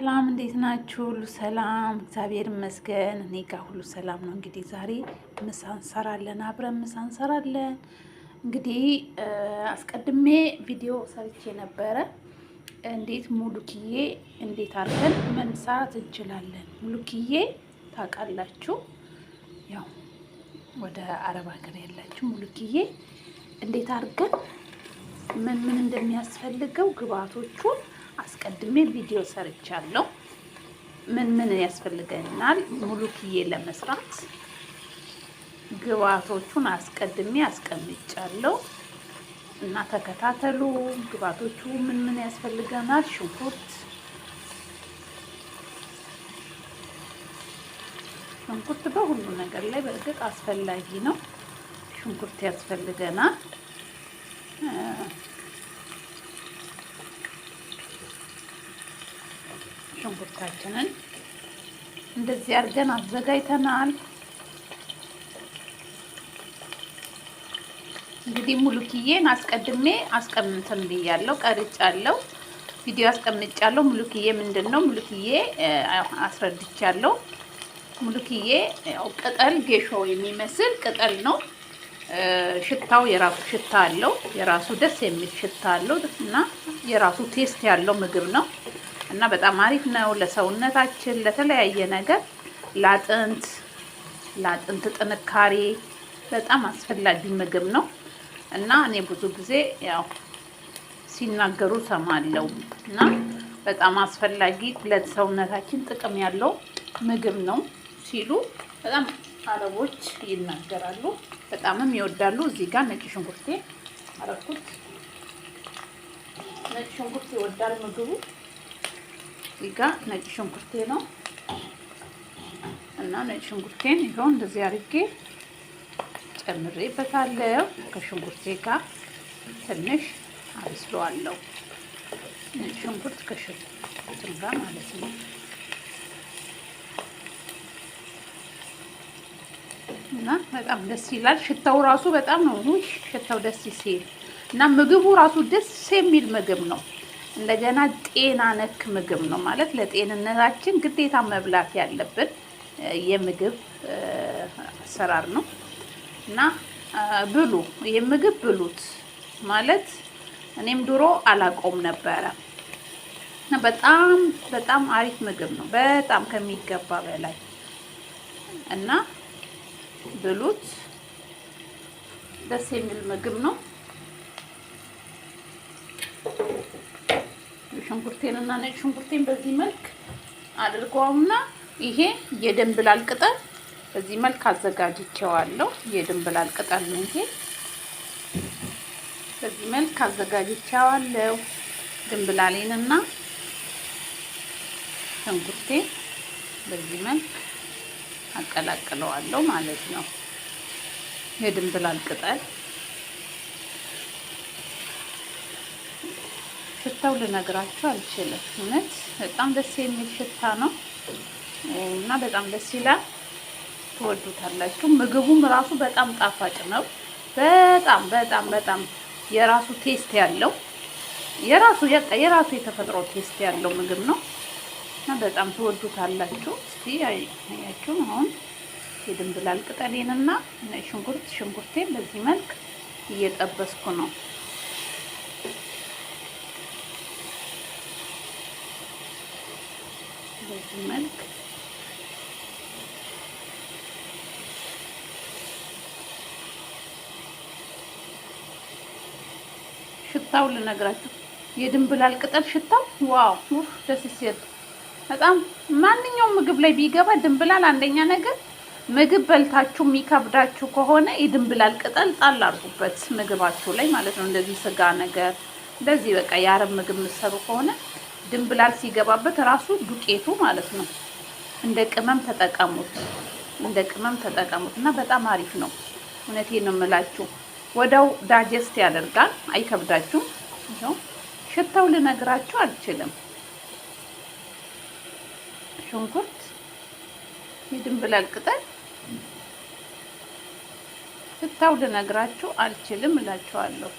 ሰላም እንዴት ናችሁ? ሁሉ ሰላም፣ እግዚአብሔር ይመስገን። እኔ ጋር ሁሉ ሰላም ነው። እንግዲህ ዛሬ ምሳ እንሰራለን፣ አብረን ምሳ እንሰራለን። እንግዲህ አስቀድሜ ቪዲዮ ሰርቼ ነበረ፣ እንዴት ሙሉክዬ እንዴት አድርገን መንሳት እንችላለን። ሙሉክዬ ታውቃላችሁ፣ ያው ወደ አረብ ሀገር ያላችሁ ሙሉክዬ እንዴት አድርገን ምን ምን እንደሚያስፈልገው ግብአቶቹን አስቀድሜ ቪዲዮ ሰርቻለሁ። ምን ምን ያስፈልገናል ሙሉ ኪዬ ለመስራት ግብአቶቹን አስቀድሜ አስቀምጫለሁ እና ተከታተሉ። ግብአቶቹ ምን ምን ያስፈልገናል? ሽንኩርት ሽንኩርት በሁሉ ነገር ላይ በእርግጥ አስፈላጊ ነው። ሽንኩርት ያስፈልገናል። ሽንኩርታችንን እንደዚህ አድርገን አዘጋጅተናል። እንግዲህ ሙሉክዬን አስቀድሜ አስቀምጥን ብያለሁ፣ ቀርጫለሁ፣ ቪዲዮ አስቀምጫለሁ። ሙሉክዬ ምንድን ነው ሙሉክዬ አስረድቻለሁ። ሙሉክዬ ቅጠል ጌሾ የሚመስል ቅጠል ነው። ሽታው የራሱ ሽታ አለው፣ የራሱ ደስ የሚል ሽታ አለው እና የራሱ ቴስት ያለው ምግብ ነው። እና በጣም አሪፍ ነው ለሰውነታችን፣ ለተለያየ ነገር ለአጥንት ለአጥንት ጥንካሬ በጣም አስፈላጊ ምግብ ነው እና እኔ ብዙ ጊዜ ያው ሲናገሩ ሰማለው እና በጣም አስፈላጊ ለሰውነታችን ጥቅም ያለው ምግብ ነው ሲሉ በጣም አረቦች ይናገራሉ። በጣምም ይወዳሉ። እዚህ ጋር ነጭ ሽንኩርቴ አረኩት። ነጭ ሽንኩርት ይወዳል ምግቡ እዚህ ጋር ነጭ ሽንኩርቴ ነው እና ነጭ ሽንኩርቴን ይኸው እንደዚህ አድርጌ ጨምሬበታለሁ። ከሽንኩርቴ ጋር ትንሽ አብስለዋለሁ። ነጭ ሽንኩርት ጋር ማለት ነው። እና በጣም ደስ ይላል። ሽታው ራሱ በጣም ነው። ሽታው ደስ ሲል እና ምግቡ ራሱ ደስ የሚል ምግብ ነው። እንደገና ጤና ነክ ምግብ ነው ማለት ለጤንነታችን ግዴታ መብላት ያለብን የምግብ አሰራር ነው እና ብሉ፣ ይህ ምግብ ብሉት ማለት እኔም ድሮ አላቆም ነበረ። በጣም በጣም አሪፍ ምግብ ነው፣ በጣም ከሚገባ በላይ እና ብሉት። ደስ የሚል ምግብ ነው። ሽንኩርቴን እና ነጭ ሽንኩርቴን በዚህ መልክ አድርገውና ይሄ የድንብላል ቅጠል በዚህ መልክ አዘጋጅቼዋለሁ። የድንብላል ቅጠል ነው ይሄ። በዚህ መልክ አዘጋጅቼዋለሁ። ድንብላሌንና ሽንኩርቴን በዚህ መልክ አቀላቅለዋለሁ ማለት ነው። የድንብላል ቅጠል ሽታው ልነግራችሁ አልችልም። እውነት በጣም ደስ የሚል ሽታ ነው እና በጣም ደስ ይላል። ትወዱታላችሁ። ምግቡም ራሱ በጣም ጣፋጭ ነው። በጣም በጣም በጣም የራሱ ቴስት ያለው የራሱ የራሱ የተፈጥሮ ቴስት ያለው ምግብ ነው እና በጣም ትወዱታላችሁ። እስቲ አያችሁ አሁን የድንብላል ቅጠሌንና ሽንኩርት ሽንኩርቴን በዚህ መልክ እየጠበስኩ ነው። በዚህ መልክ ሽታው ልነግራችሁ የድንብላል ቅጠል ሽታው ዋው! ውፍ ደስ ሲል በጣም ማንኛውም ምግብ ላይ ቢገባ ድንብላል አንደኛ ነገር ምግብ በልታችሁ የሚከብዳችሁ ከሆነ የድንብላል ቅጠል ጣል አድርጉበት ምግባችሁ ላይ ማለት ነው። እንደዚህ ስጋ ነገር እንደዚህ በቃ የአረብ ምግብ የምትሰሩ ከሆነ ድንብላል ሲገባበት ራሱ ዱቄቱ ማለት ነው። እንደ ቅመም ተጠቀሙት፣ እንደ ቅመም ተጠቀሙት እና በጣም አሪፍ ነው። እውነቴን ነው የምላችሁ። ወደው ዳጀስት ያደርጋል፣ አይከብዳችሁም። ይኸው ሽታው ልነግራችሁ አልችልም። ሽንኩርት፣ የድንብላል ቅጠል ሽታው ልነግራችሁ አልችልም እላችኋለሁ።